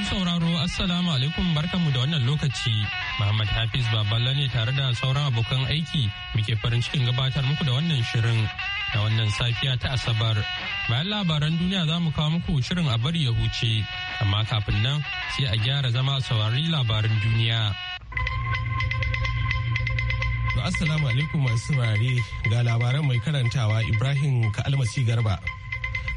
Masu sauraro Assalamu alaikum barkanmu da wannan lokaci. Muhammad Hafiz Baballa ne tare da sauran abokan aiki muke farin cikin gabatar muku da wannan shirin da wannan safiya ta Asabar. Bayan labaran duniya za mu kawo muku shirin a bari ya huce, amma kafin nan sai a gyara zama saurari labaran duniya. Assalamu alaikum masu saurare ga labaran mai karantawa Ibrahim ka Almasi Garba.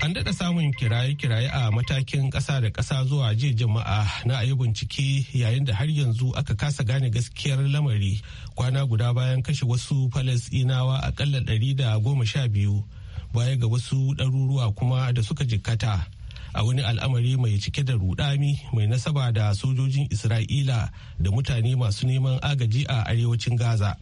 An daɗa samun kiraye-kiraye a matakin ƙasa da ƙasa zuwa jiya jama'a na a bincike yayin da har yanzu aka kasa gane gaskiyar lamari kwana guda bayan kashe wasu Falasɗinawa akalla ɗari da goma sha biyu baya ga wasu ɗaruruwa kuma da suka jikkata. a wani al'amari mai cike da rudami mai nasaba da sojojin isra'ila da mutane masu neman agaji a arewacin gaza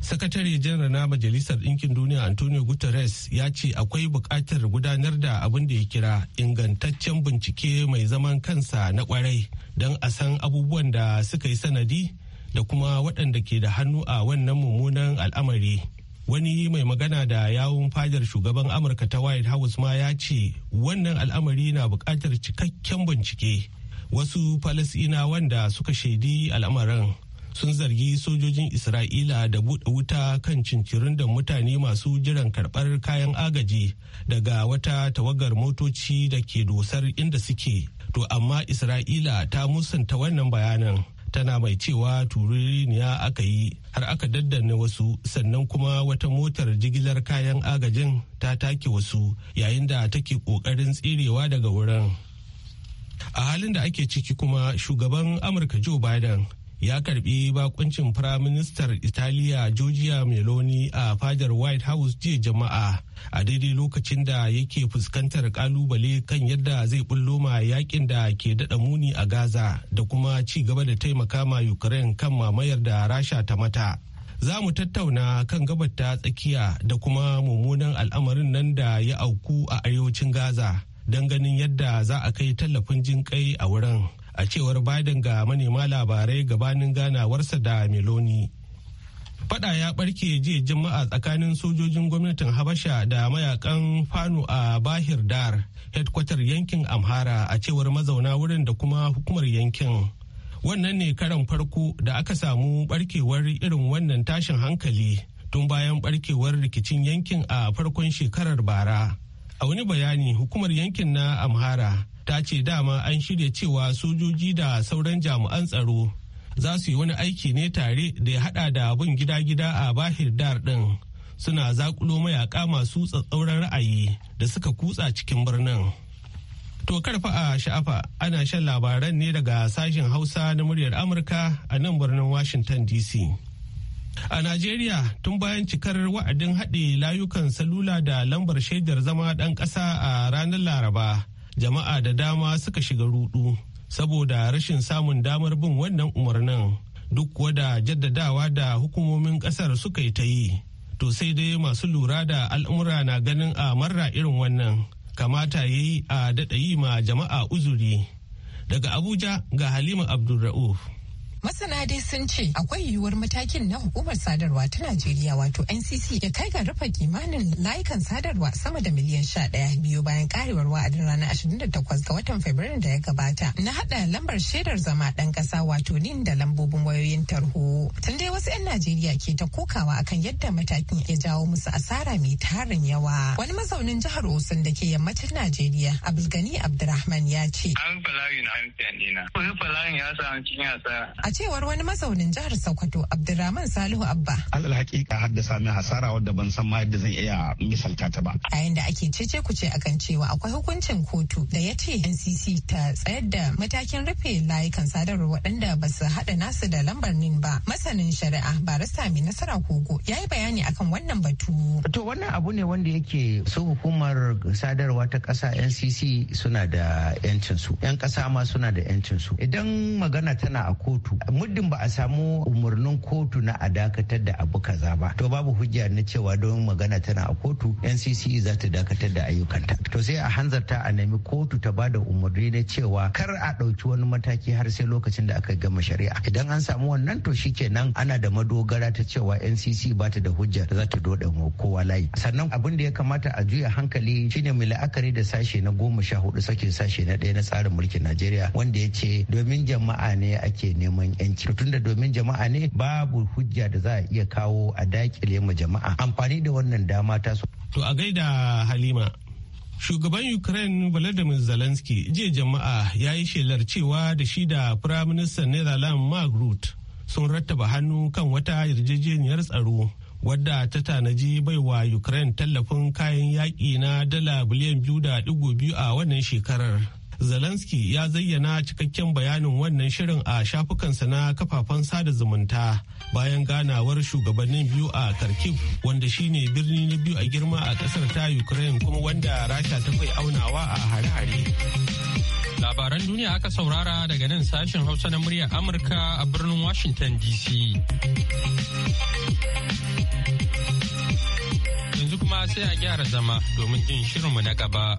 sakatare janar na majalisar ɗinkin duniya antonio guterres ya ce akwai buƙatar gudanar da abin da ya kira ingantaccen bincike mai zaman kansa na kwarai don a san abubuwan da suka yi sanadi da kuma waɗanda ke da hannu a wannan mummunan al'amari wani mai magana da yawun fadar shugaban amurka ta white house ma ya ce wannan al'amari na buƙatar cikakken bincike wasu falasina wanda suka shaidi al'amarin sun zargi sojojin Isra'ila da buɗe wuta kan cincirin da mutane masu jiran karɓar kayan agaji daga wata tawagar motoci da ke dosar inda suke. To amma Isra'ila ta musanta wannan bayanan. tana mai cewa turiniya aka yi har aka daddanne wasu sannan kuma wata motar jigilar kayan agajin ta take wasu yayin da take kokarin tsirewa daga wurin a halin da ake ciki kuma shugaban amurka joe biden ya karbi bakuncin Firaministan italiya georgia meloni a fadar white house jiya jama'a a daidai lokacin da yake fuskantar kalubale kan yadda zai bullo ma yakin da ke dada muni a gaza da kuma ci gaba da taimaka ma ukraine kan mamayar da rasha ta mata za mu tattauna kan gabar ta tsakiya da kuma mummunan al'amarin nan da ya auku a arewacin gaza don ganin yadda za a kai tallafin jinƙai a wurin a cewar Biden ga manema labarai gabanin ganawarsa da Meloni. Fada ya barke jiya jama'a tsakanin sojojin gwamnatin Habasha da mayakan Fano a Bahir Dar, hedkwatar yankin Amhara a cewar mazauna wurin da kuma hukumar yankin. Wannan ne karan farko da aka samu barkewar irin wannan tashin hankali tun bayan barkewar rikicin yankin a farkon shekarar bara. A wani bayani hukumar yankin na Amhara ta ce dama an shirya cewa sojoji da sauran jami'an tsaro za su yi wani aiki ne tare da ya hada da bin gida-gida a bahir dar din suna zakulo mayaka masu tsatsauran ra'ayi da suka kutsa cikin birnin to karfa a sha'afa ana shan labaran ne daga sashen hausa na muryar amurka a nan birnin washington dc a najeriya tun bayan cikar wa'adin haɗe layukan salula da lambar shaidar zama ɗan ƙasa a ranar laraba jama'a da dama suka shiga rudu saboda rashin samun damar bin wannan umarnin duk kuwa da jaddadawa da hukumomin kasar suka yi ta yi to sai dai masu lura da al'umura na ganin a marra irin wannan kamata ya yi a daɗa yi ma jama'a uzuri daga abuja ga halima abdulra'uf Masana dai sun ce akwai yiwuwar matakin na hukumar sadarwa ta Najeriya wato NCC ya kai ga rufe kimanin layukan sadarwa sama da miliyan sha daya biyu bayan karewar wa'adin ranar 28 ga watan Fabrairu da ya gabata na haɗa lambar shaidar zama ɗan ƙasa wato NIN da lambobin wayoyin tarho. Tun dai wasu 'yan Najeriya ke ta kokawa akan yadda matakin ya jawo musu asara mai tarin yawa. Wani mazaunin jihar Osun da ke yammacin Najeriya Abdulgani Abdurrahman ya ce. An na ya sa cikin asara. cewar wani mazaunin jihar Sokoto abdulrahman Salihu Abba. Alal hakika haddasa min hasara wadda ban san ma yadda zan iya misalta ta ba. A yayin da ake cece kuce akan cewa akwai hukuncin kotu da ya ce NCC ta tsayar da matakin rufe layukan sadarwa waɗanda ba su haɗa nasu da lambar nin ba. Masanin shari'a barista mai nasara kogo ya yi bayani akan wannan batu. To wannan abu ne wanda yake su hukumar sadarwa ta ƙasa NCC suna da 'yancinsu. 'Yan ƙasa ma suna da 'yancinsu. Idan magana tana a kotu muddin ba a samu umarnin kotu na a dakatar da abu kaza ba to babu hujja na cewa don magana tana a kotu ncc za ta dakatar da ayyukanta to sai a hanzarta a nemi kotu ta bada umarni na cewa kar a ɗauki wani mataki har sai lokacin da aka gama shari'a idan an samu wannan to kenan. ana da madogara ta cewa ncc ba ta da hujja za ta doda kowa layi sannan abin da ya kamata a juya hankali shine mai la'akari da sashe na goma sha hudu sakin sashe na ɗaya na tsarin mulkin najeriya wanda ya ce domin jama'a ne ake neman tunda domin jama'a ne babu hujja da za a iya kawo a dakile ma jama'a amfani da wannan dama ta su. To a gaida Halima Shugaban Ukraine Volodymyr Zelensky jiya jama'a ya yi shelar cewa da shi da Firaministan Netherlands Mark Rutte sun rattaba hannu kan wata yarjejeniyar tsaro wadda ta tanaji baiwa Ukraine tallafin kayan yaƙi na dala biliyan biyu da biyu a wannan shekarar. Zelensky ya zayyana cikakken bayanin wannan shirin a shafukansa na kafafen sada zumunta bayan ganawar shugabannin biyu a Kharkiv wanda shine birni na biyu a girma a kasar ta Ukraine kuma wanda Rasha ta kai aunawa a hare-hare. Labaran duniya aka saurara daga nan sashen Hausa na muryar Amurka a birnin Washington DC. Yanzu kuma sai a gyara zama domin jin shirinmu na gaba.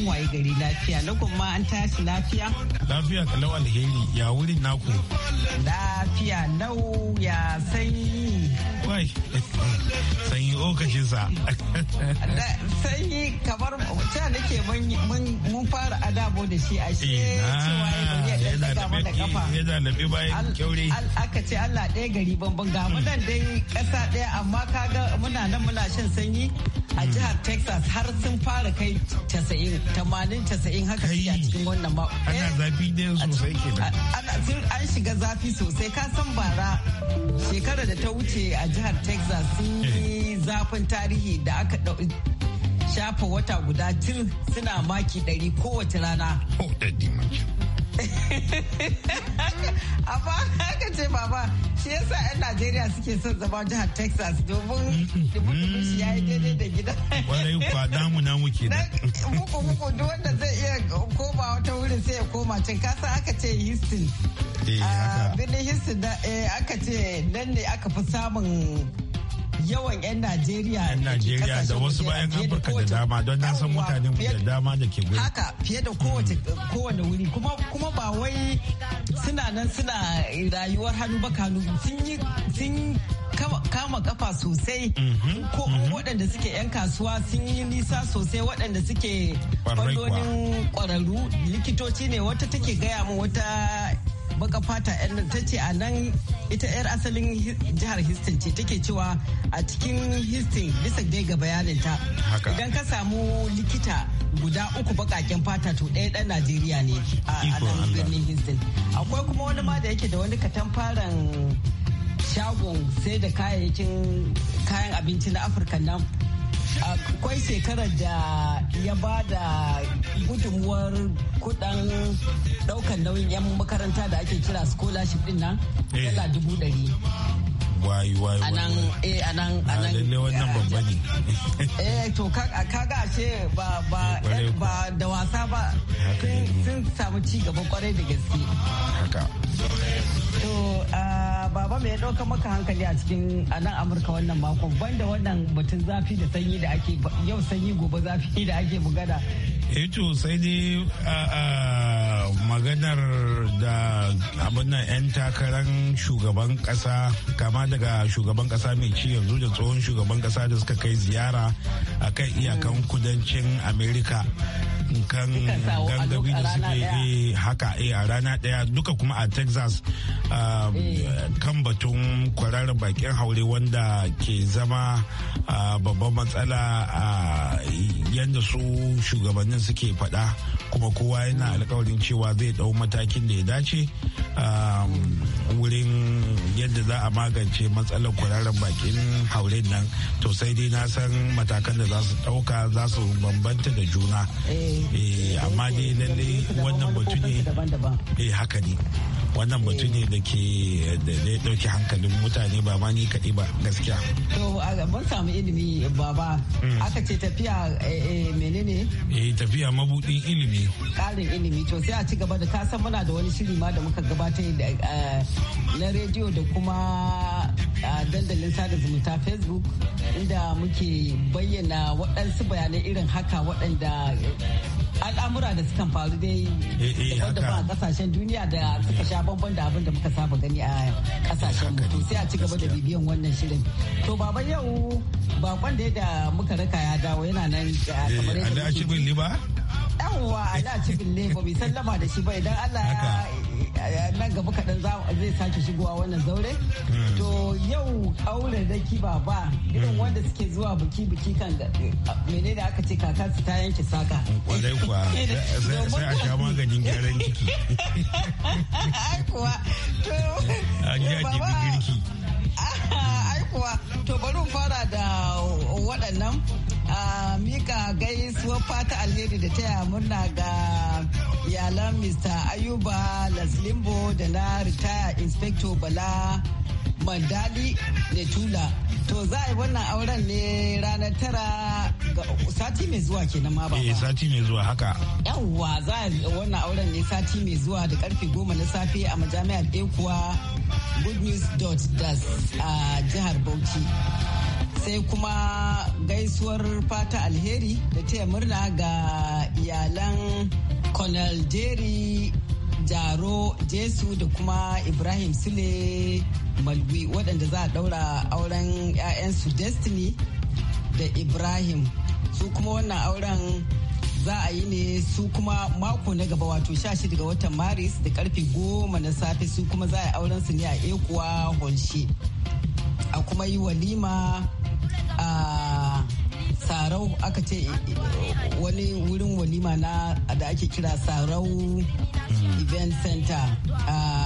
an waye gari lafiya lokacin ma an tashi lafiya lafiya kalau alheri ya wurin naku lafiya lau ya sanyi wai sanyi okashin sa sanyi kamar ta nake mun fara adabo da shi a shi cewa da kafa aka ce Allah ɗaya gari banban ga mu nan dai ƙasa ɗaya amma kaga muna nan muna shan sanyi a jihar texas har sun fara kai 90 90 haka suke a cikin wannan ba ana eh, zafi ne sosai kenan an shiga zafi sosai ka san bara shekara da ta wuce a jihar texas sun eh. yi zafin tarihi da aka shafa wata guda jir suna maki 100 kowace rana amma haka ce baba shi yasa 'yan najeriya suke son zama jihar texas domin dubu-dubu shi ya yi daidai da gida kwarai kwa damu na muke da muku muku duk wanda zai iya koma wata wurin sai ya koma can kasa aka ce houston eh, birnin houston eh, aka ce nan ne aka fi samun yawan 'yan Najeriya. da Najeriya da wasu bayan Afirka da dama don na san mutane da dama da ke gudu. Haka fiye da kowace mm. kowane wuri kuma ba wai suna nan suna rayuwar hannu ba kanu sun kama kafa sosai mm-hmm. ko mm-hmm. waɗanda suke 'yan kasuwa sun yi nisa sosai waɗanda suke fannonin ƙwararru likitoci ne wata take gaya mu wata baka fata yan nan tace a nan ita yar asalin jihar Houston ce take cewa a cikin Houston bisa dai ga bayaninta idan ka samu likita guda uku bakaken fata to ɗaya ɗan Najeriya ne a nan birnin Houston akwai kuma wani ma da yake da wani katamfaran shagon sai da kayayyakin kayan abinci na Afirka nan akwai shekarar da ya ba da gudunmuwar kudin daukan nauyin 'yan makaranta da ake kira scholarship din nan eh. dala dubu ɗari wayi wayi anan eh anan ah, anan lalle wannan babba ne eh to kaga ashe ba ba eh, eh, ba da wasa ba sun samu ci gaba kwarai da gaske haka to ah, baba me ya dauka maka hankali a cikin anan Amurka wannan mako banda wannan batun zafi da sanyi da ake yau sanyi gobe zafi da ake bugada eh to sai dai ah, maganar da abin yan takarar shugaban kasa kama daga shugaban kasa mai ci yanzu da tsohon shugaban kasa da suka kai ziyara a kan iyakan mm. kudancin amerika kan gangabi da suke yi eh, haka eh, a rana daya duka kuma a texas um, eh. kan batun kwararar bakin haure wanda ke zama ah, babban matsala a ah, yadda su shugabannin suke faɗa kuma kowa yana alkawarin cewa zai ɗau matakin da ya dace um, wurin yadda za a magance matsalar kwararren bakin haurin nan to sai dai na san matakan da za su ɗauka za su bambanta da juna eh. Eh, amma dai lallai wannan batu ne eh, haka ne wannan batu ne da ke da hankalin mutane ba ma ni kaɗi ba gaskiya to ban samu ilimi baba hmm. aka ce tafiya menene eh tafiya mabudin ilimi ƙarin ilimi to sai a ci gaba da ta san muna da wani shiri ma da muka gabatar na rediyo da kuma dandalin sada zumunta facebook inda muke bayyana waɗansu bayanai irin haka waɗanda al'amura da sukan faru dai eh, eh, da ba a kasashen duniya da suka sha banban da abin da muka saba gani a kasashen mutu sai a ci gaba da bibiyan wannan shirin to baban yau bakon da da muka raka ya dawo yana nan eh, kamar yadda ba yawwa a da ne ba bai sallama da shi ba idan Allah ya nan gaba kaɗan zai sake shigowa wannan zaure to yau aure da kiba ba irin wanda suke zuwa biki biki kan mene da aka ce kaka su ta yanke saka kwarai kuwa sai a sha maganin gyaran jiki kuwa to an ba. girki ai kuwa to bari fara da waɗannan a mika gaisuwar fata alheri da taya murna ga iyalan mr ayuba laslimbo da na ritaya inspector bala mandali da tula to za a yi wannan auren ne ranar tara ga sati mai zuwa kenan ma ba eh sati mai zuwa haka yawwa za a yi wannan auren ne sati mai zuwa da karfe goma na safe a majami'ar ekuwa kuwa goodnews.das a jihar bauchi sai kuma gaisuwar fata alheri da taya murna ga iyalan colonel jerry jaro jesu da kuma ibrahim sule malwi waɗanda za a ɗaura auren 'ya'yansu destiny da ibrahim su kuma wannan auren za a yi ne su kuma mako na gaba wato 16 ga watan maris da karfe 10 na safe su kuma za a yi auren su ne a ekuwa holshe a kuma yi walima a sarau aka ce wani wurin walima na da ake kira sarau event center a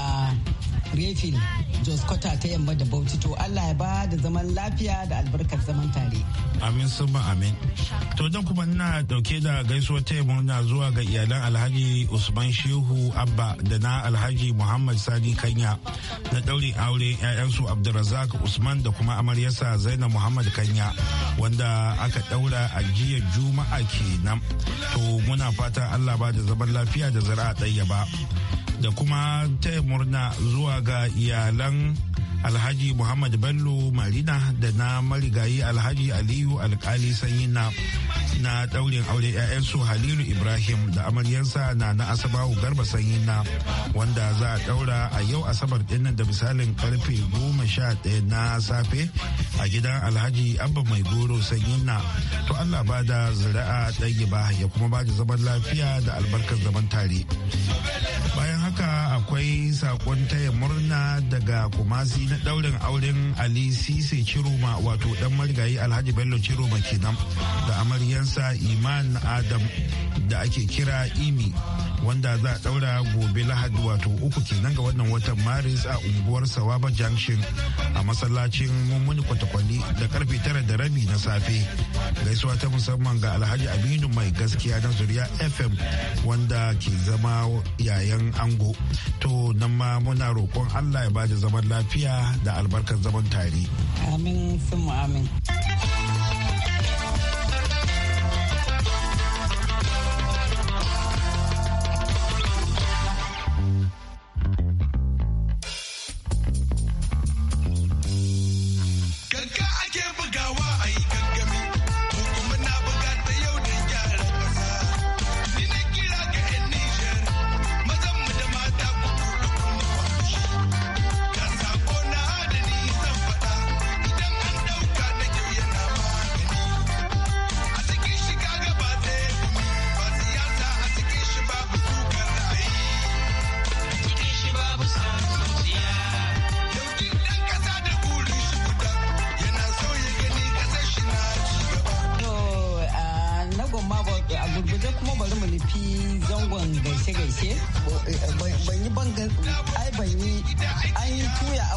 Grefin Jos Kota ta yamma da Bauchi to Allah ya ba da zaman lafiya da albarkar zaman tare. Amin summa amin. To dan kuma ina dauke da gaisuwar yamma murna zuwa ga iyalan Alhaji Usman Shehu Abba da na Alhaji Muhammad Sani Kanya na daure aure ƴaƴansu Abdulrazak Usman da kuma amaryarsa Zainab Muhammad Kanya wanda aka daura a jiya Juma'a kenan. To muna fata Allah ba da zaman lafiya da zara'a ɗaya ba. da kuma taya murna zuwa ga iyalan alhaji muhammad bello marina da na marigayi alhaji aliyu alkali sanyi na na daurin aure 'ya'yansu halilu ibrahim da amaryansa na na asabawu garba sanyi na wanda za a daura a yau asabar dinnan da misalin karfe goma sha ɗaya na safe a gidan alhaji abba mai goro sanyi na to allah ba da zira'a ɗaya ba ya kuma ba da zaman lafiya da albarkar zaman tare bayan haka akwai sakon taya murna daga kumasi na daurin auren ali sise ciroma wato dan marigayi alhaji bello ciroma kenan da amaryansa iman adam da ake kira imi wanda za a daura gobe lahadi wato uku kenan ga wannan watan maris a unguwar sawaba junction a masallacin mummuni kwatakwali da karfe tara da rabi na safe gaisuwa ta musamman ga alhaji aminu mai gaskiya na zuriya fm wanda ke zama yayan ango To nan ma muna roƙon Allah ya bada zaman lafiya da albarkar zaman tare. Amin sun amin.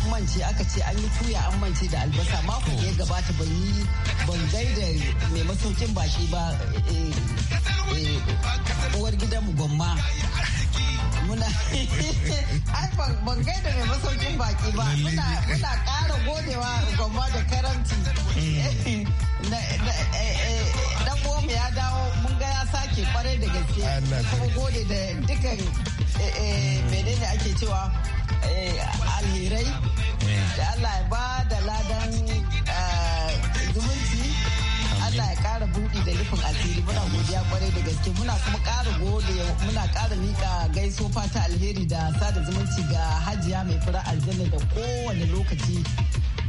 mance aka ce an yi tuya an mance da albasa mako ya gabata ban yi ban gaida mai masaukin baki ba eh, eh, uwar ban gwamma muna ai ban gaida mai masaukin baki ba muna muna ƙara godewa gwamma da karanti mm. eh, dan mu ya dawo mun ga ya sake kwarai da gaske kuma gode da dukan menene ake cewa alherai da Allah ya ba da ladan eh, zumunci Allah ya kara buɗi da nufin asiri muna godiya kwarai da gaske muna kuma kara gode muna kara mika gaiso fata alheri da sada zumunci ga hajiya mai fura aljanna da kowane lokaci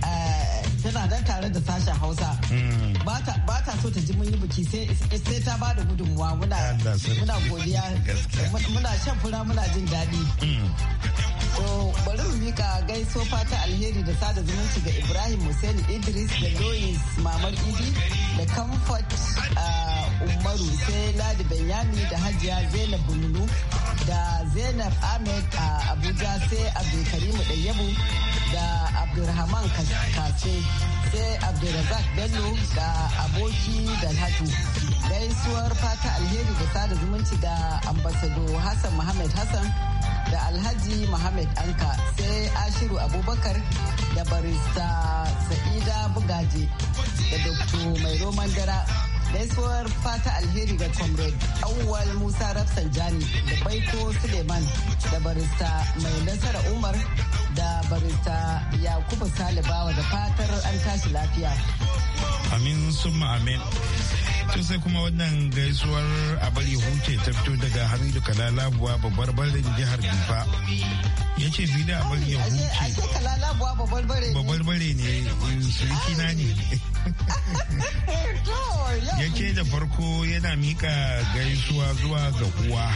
eh, tana dan tare da sashen hausa mm. ba ta so ta ji mun yi biki sai ta ba da gudunmuwa muna godiya muna shan fura muna jin daɗi mm. To bari mu mika gaiso fata alheri da sada zumunci ga Ibrahim Hussein Idris da Lois Mamar Idi da Comfort uh, Umaru sai Ladi Benyami da Hajiya Zainab Bululu da Zainab Ahmed a Abuja sai Abdulkarimu Ɗayyabu da Abdulrahman Kace sai Abdulrazak Bello da aboki da gaisuwar fata alheri da sada zumunci da ambasado Hassan Muhammad Hassan da alhaji Muhammad Anka sai Ashiru Abubakar da barista Sa'ida Bugaje da Dr. Mai Roman Dara. Gaisuwar fata alheri ga comrade Awwal Musa Rafsanjani da Baiko Suleiman da barista Mai Nasara Umar da barista Yakubu Salibawa da fatar an tashi lafiya. Amin summa amin. To sai kuma wannan gaisuwar a bari huce ta fito daga Hamidu Kalalabuwa babbar barin jihar Difa. Ya ce fi da a bari ya huce. Babbar bare ne eh, suriki na ne. Ya ce da farko yana mika gaisuwa zuwa ga uwa.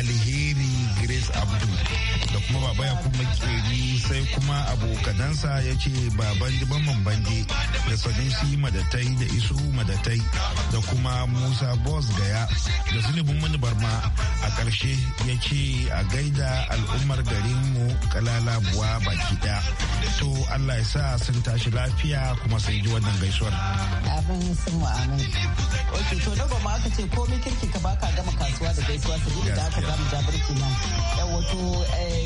Alheri Grace Abdul. da kuma baba ya kuma keri sai kuma abokanansa ya ce baban jiban mambanje da sanusi madatai da isu madatai da kuma musa bos gaya da zunubin mani barma a ƙarshe ya ce a gaida al'ummar garin mu kalala buwa baki ɗaya to allah ya sa sun tashi lafiya kuma sai ji wannan gaisuwar abin sun amin ok to dago ma aka ce komai kirki ka baka gama kasuwa da gaisuwa saboda da aka gama jabirki nan wato eh,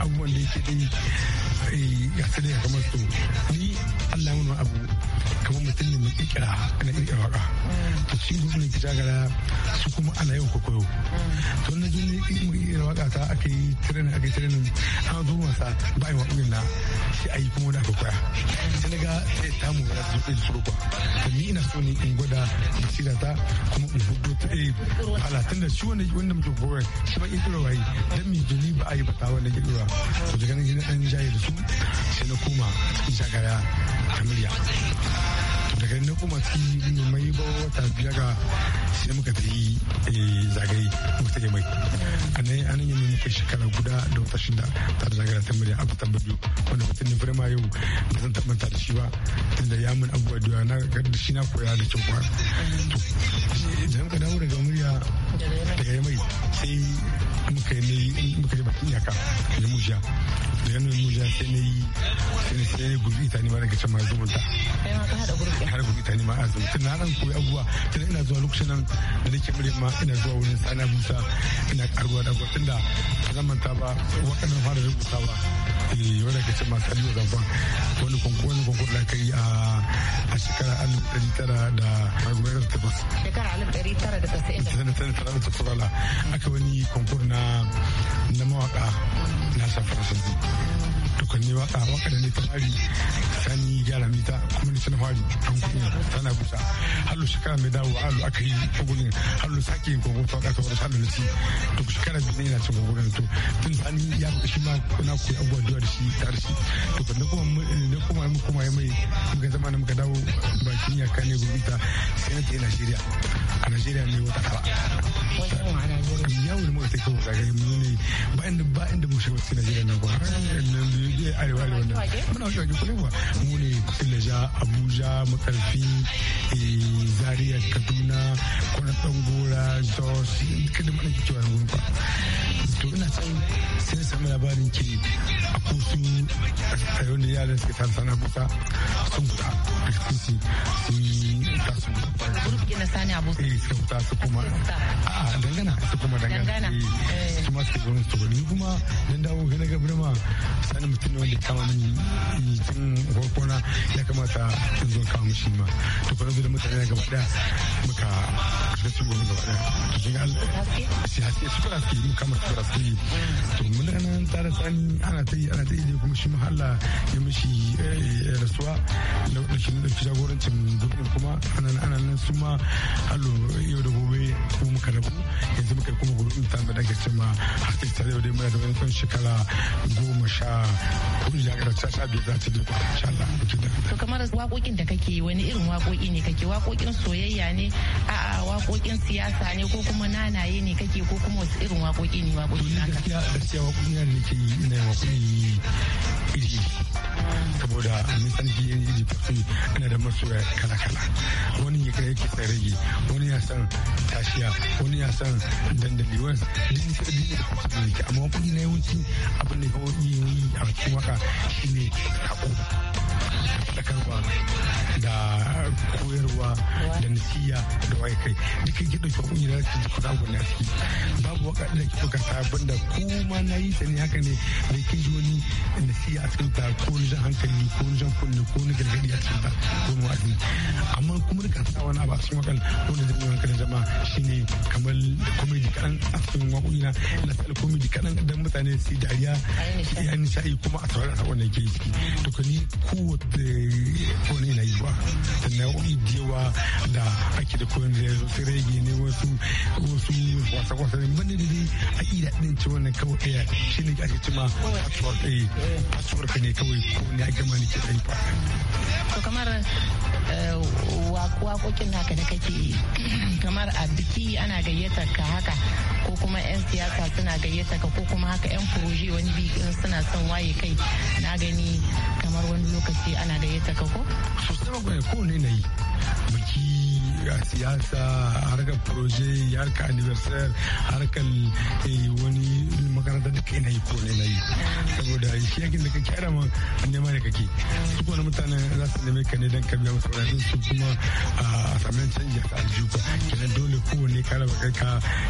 abubuwan da yake ɗin ga su da kamar su ni Allah mun abu kamar mutum ne mai kira na kira waka to shi gudu ki jagara su kuma ana yau kokoyo to na jini mu kira waka ta ake yi tirin ake tirin an zo masa ba yi waƙoƙin na shi yi kuma da aka koya sai na ga ta mu ga su ɗin su rufa to ni ina so ne in gwada basira ta kuma in hudu ta ɗaya eh, wahala tun da shi wanda muke koyar shi ba ƙirƙirar yi don mi jini ba a yi ba ta wani. ƙirƙirar tura to daga nan na dan jaye da su sai na koma cikin shakara a murya daga cikin mai ba wata biyar ga sai muka ta yi eh, zagaye muka tafi mai a nan an yi muka shekara guda da wata shida ta da zagara ta murya abu tambar biyu wanda mutum ne firma yau da zan taɓa ta da shi ba tunda ya mun abubuwa da yawa na da shi na koya da kyau ba to idan muka dawo daga murya daga mai sai muka yi muka yi bakin yaka da mujiya da yanar mujiya sai na yi sai na gurbi ta ne ma daga can ma zuwa ta. zumunta haɗa gurbi ta ne ma a zuwa. tun na ran koyi abubuwa tun ina zuwa lokacin nan da nake mure ma ina zuwa wurin sana musa ina karuwa da gwatin da zamanta ba waɗannan fara rubuta ba eh, da ka ce masu aliyu gaba wani konkur da aka yi a shekara alif ɗari tara da ragumai da takwas shekara alif ɗari tara da tasa'in da ta da ta aka wani ta na mawaka na ta ta ni waka waka da ne ta fari sani gyara mita kuma ni tana fari an kuɗi tana busa hallo shekara mai dawo hallo aka yi kogunin hallo sake yin kogo ta waka wata hallo ci to shekara biyu ne yana cin kogunin to tun sani ya kuɗi shi ma na koyi abubuwa da da shi tare shi to ba na kuma ne kuma mu kuma ya mai muka zama na muka dawo bakin yaka ne gobe ta sai na ta yi Najeriya a najeriya ne wata tara yau da muka take wata ne ba inda ba inda mu shiga cikin najeriya nan ba arewa arewa nan muna shiga mu ne tilaja abuja makarfi eh, zaria kaduna kwanan dangora jos kada mana cewa yan gurin ba to ina sai na samu labarin ke a kusu a yau da yaran suke sana kusa sun kusa a kusi sun sani abu. suka fita su kuma a dangana Eh. su kuma dangana su kuma su su kuma dan dawo ga daga birma sani mutum ne wanda mini tun ya kamata in zo kawo mishi ma to fara da mutane na gaba daya muka su gaba daya to ga shi haske su mu su to mun nan tare ana ta yi ana ta yi kuma shi ma Allah ya mishi eh, rasuwa da shi da jagorancin kuma ana nan su ma yau da gobe muka rabu yanzu yanzu muka kuma gudu ɗin tanzan da ake ma haske ta yau dai muna da wani shekara goma sha kudu ya ga ta sha biyu za ta duka insha Allah. mu ji daga To kamar waƙoƙin da kake wani irin waƙoƙi ne kake waƙoƙin soyayya ne a a waƙoƙin siyasa ne ko kuma nanaye ne kake ko kuma wasu irin waƙoƙi ne waƙoƙi naka. Gaskiya gaskiya waƙoƙi ne nake yi ina waƙoƙi iri saboda mun san DNA ji ina da masoya kala-kala. duka yake tsarege wani ya san tashiya wani ya san dandali wani amma kuɗi na yawanci abin da kawai yi a cikin waka shine ne. ta da koyarwa da nasiya da wai kai dukkan ki dauki wani da ki kuda gona ciki babu waka da ki kuka sabon da kuma na yi ta ne haka ne da ki ji wani nasiya a cikin ta ko ni zan hankali ko ni zan kunne ko ni gargadi a cikin ta ko ni wa'azi amma kuma ka sa wani abu a cikin wakan ko ni zai hankalin jama'a shine kamar komedi kaɗan a cikin waƙoƙina na sa komedi kaɗan dan mutane su dariya ya nishaɗi kuma a saurara wannan ke ciki to ni kowace wani yi ba sannan yawa da ake da koyon da ne wasu wasu wasa-wasa ne da dai a iya ɗin ci wannan kawai ɗaya shi ne ake cima ɗaya eh, ka ne kawai ko ne a gama ne ke ba. to kamar haka eh, da kake kamar a biki ana gayyatar ka haka ko kuma 'yan siyasa suna gayyata ka ko kuma haka 'yan furoje wani bi suna son waye kai na gani kamar wani lokaci ana gayyata ka ko? Sosai ba ko ne na yi biki siyasa harkar proje harkar anniversary harkar eh, wani makaranta da kai na yi ko na yi saboda shi yake da ka kyara ma nema ne kake su kuma mutane za su neme ka ne don ka biya musu su kuma a samun canji a aljihu ka kenan dole kowanne ka ba kai ka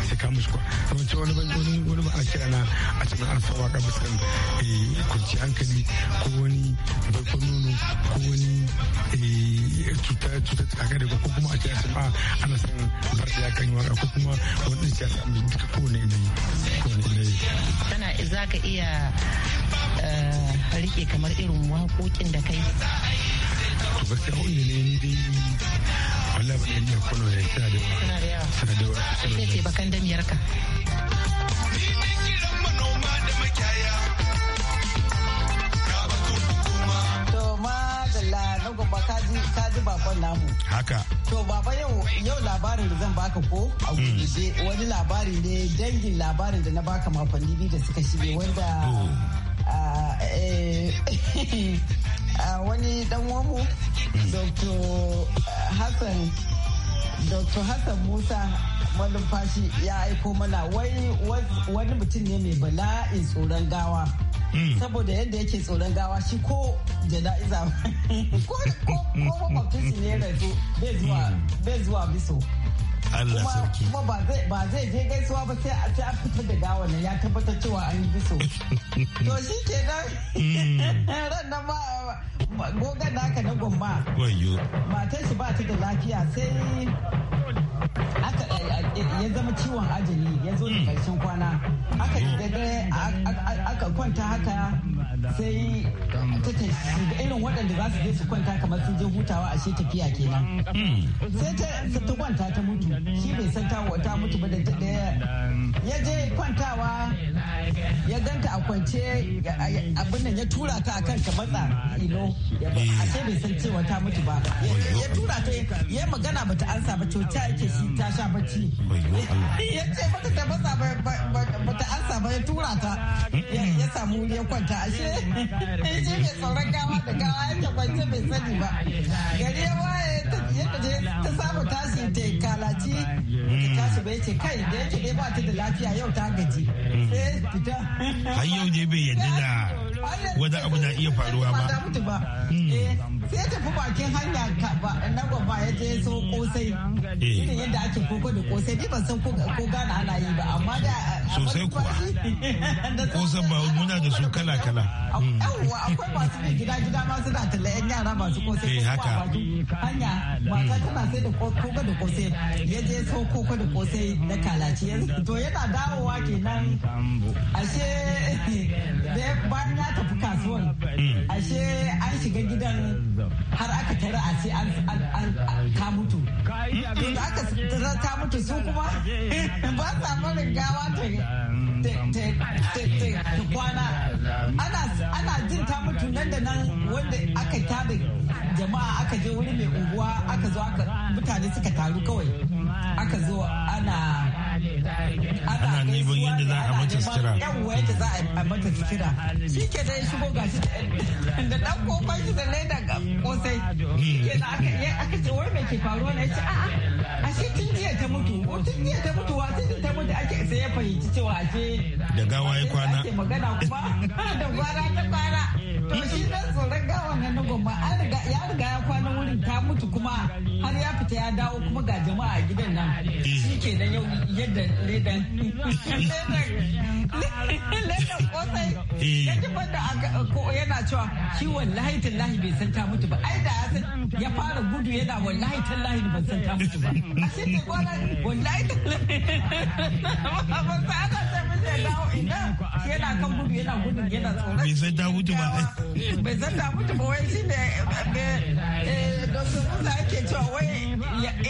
sai ka musu kwa yawanci wani wani wani ba a kira na a cikin an sawa ka fuskan kunci hankali ko wani barkon nono ko wani eh, cuta cuta tsaka da ko kuma a kira sana'a ana son bar da kan waka ko kuma wani siyasa mai duka kowane yanayi kowane ne Kana za ka iya eh, rike kamar irin waƙoƙin da kai. To sai wani ne ni dai Allah ba ne yawa kuna da suna da yawa. Suna da yawa. Suna da yawa. Sai ce bakan damiyar ka. kaji gwamba ka ji baban namu haka to baba yau yau labarin da zan baka ko a hmm. guje wani labari ne dangin labarin da na baka makonni biyu da suka shige wanda oh. eh, wani dan wamu hmm. dr hassan dr hassan musa malumfashi ya aiko mana wani mutum ne mai bala'i tsoron gawa hmm. saboda yadda yake tsoron gawa shi ko jana'iza ko makwabcinsu ne rasu bai zuwa hmm. biso Allah sarki kuma ba zai je gaisuwa ba sai a ta fita da gawa ne ya tabbatar cewa an yi biso to shi ke nan hmm. ran nan ma da aka na gwamma. wayo Mata shi ba ta da lafiya sai aka eh, eh, ya zama ciwon ajali ya zo da hmm. karshen kwana aka daga aka kwanta haka sai shiga irin waɗanda za su je su kwanta kamar sun je hutawa shi tafiya kenan hmm. sai ta kwanta ta mutu shi bai san ta ta mutu ba da daya ya je kwantawa ya ganta a kwance abin nan ya tura ta akan ka matsa ino a ce bai san cewa ta mutu ba ya tura ta ya magana bata ansa ba ta yake shi ta sha bacci ya ce mata ta matsa bata ansa ba ya tura ta ya samu ya kwanta ashe shi mai tsoron gawa da gawa yake kwance bai sani ba gari ya waye ya je ba yace kai da yake dai ba ta da lafiya yau ta gaji sai fita har yau ne bai yadda da wani abu na iya faruwa ba. Hmm. Eh, sai tafi bakin hanya na gwamba ya je so kosai. Eh. Irin yadda ake koko da kosai ni ban san ko gana ana yi ba amma da. Sosai kuwa. Kosan ba muna da su kala kala. Hmm. Yawwa akwai masu bi gida gida ma suna talla yan yara masu kosai. Eh haka. Hanya mata tana sai da koko da kosai ya je so koko da kosai na kalaci. To yana dawowa kenan ashe da bayan aka fi kasuwan hmm. ashe an shiga gidan har aka tara a sai an mutu da aka tara ta mutu su kuma ba sa barin gawa ta kwana ana jin ta mutu nan da nan wanda aka tada jama'a aka je wuri mai unguwa aka zo aka mutane suka taru kawai aka zo ana ana neman yadda za a mata sutura yawwa yadda za a mata sutura shi ke dai shigo ga shi da dan kofar shi da leda ga kosai shi hmm. ke da aka yi aka ce wai mai ke faruwa na ce a'a a shi tun jiya ta mutu tun jiya ta mutu wa tun ta mutu ake sai ya fahimci cewa ake da gawa ya kwana magana kuma da gwara ta kwana to shi dan tsoron gawa nan na nan ta mutu kuma har ya fita ya dawo kuma ga jama'a gidan nan shi ke nan yau yadda ledan ledan yana cewa shi wallahi tallahi bai san ta mutu ba ai da ya san ya fara gudu yana wallahi tallahi ban san ta mutu ba a shi ne gwanan wallahi tallahi ba san ta mutu zai dawo ina yana kan gudu yana gudun yana tsoron bai zai dawo ba bai zai dawo ba wai shine eh, eh, dokin kusa ake cewa wai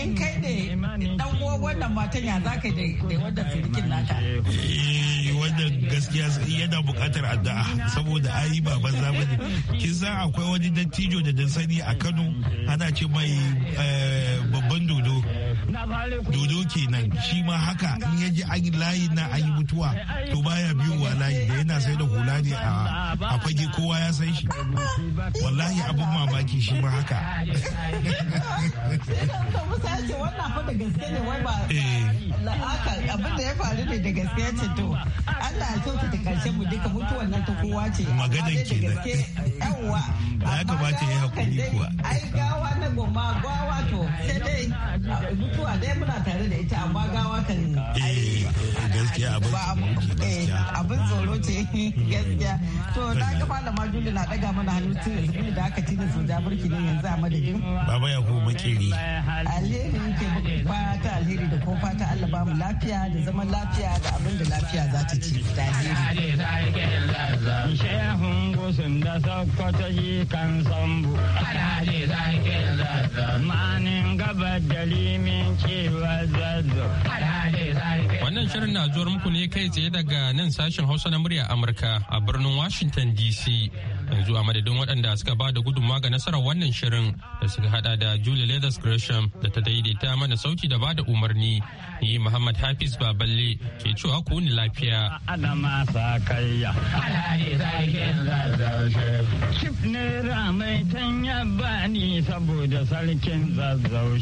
in kai ne dan uwan wannan matan ya zaka da wannan sirikin naka eh, wannan gaskiya yana buƙatar addu'a saboda ayi ba banza ba ne kin san akwai wani dattijo da dan sani a Kano ana ce mai babban dodo kenan shi ma haka in ya ji an layi na an yi mutuwa to baya wa layi da yana sai da hula ne a fage kowa ya san shi wallahi abin mamaki shi ma haka eh. abin ke da ya nan ya kamata ya hakuri kuwa ai gawa na goma gawa to sai dai mutuwa ɗaya muna tare da ita amma gawa kan yi. Eh. Eh, gaskiya abin tsoro ce gaskiya to na ga malama juli na daga mana hannu tun da aka tina sun ja burki ne yanzu a madadin baba ya ko makiri alheri ke fata alheri da ko fata Allah ba mu lafiya da zaman lafiya da abin da lafiya za ta ci da alheri shehun gusun da sakkwato yi kan sambu manin gaba da limin cewa zazzo Wannan shirin na zuwar muku ne kai tsaye daga nan sashen Hausa na murya Amurka a birnin Washington DC. Yanzu a madadin waɗanda suka ba da gudunmawa ga nasarar wannan shirin da suka hada da julia Leathers Gresham da ta daidaita mana sauti da ba da umarni. Ni Muhammad Hafiz Baballe ke cewa ku ni lafiya. sa saboda sarkin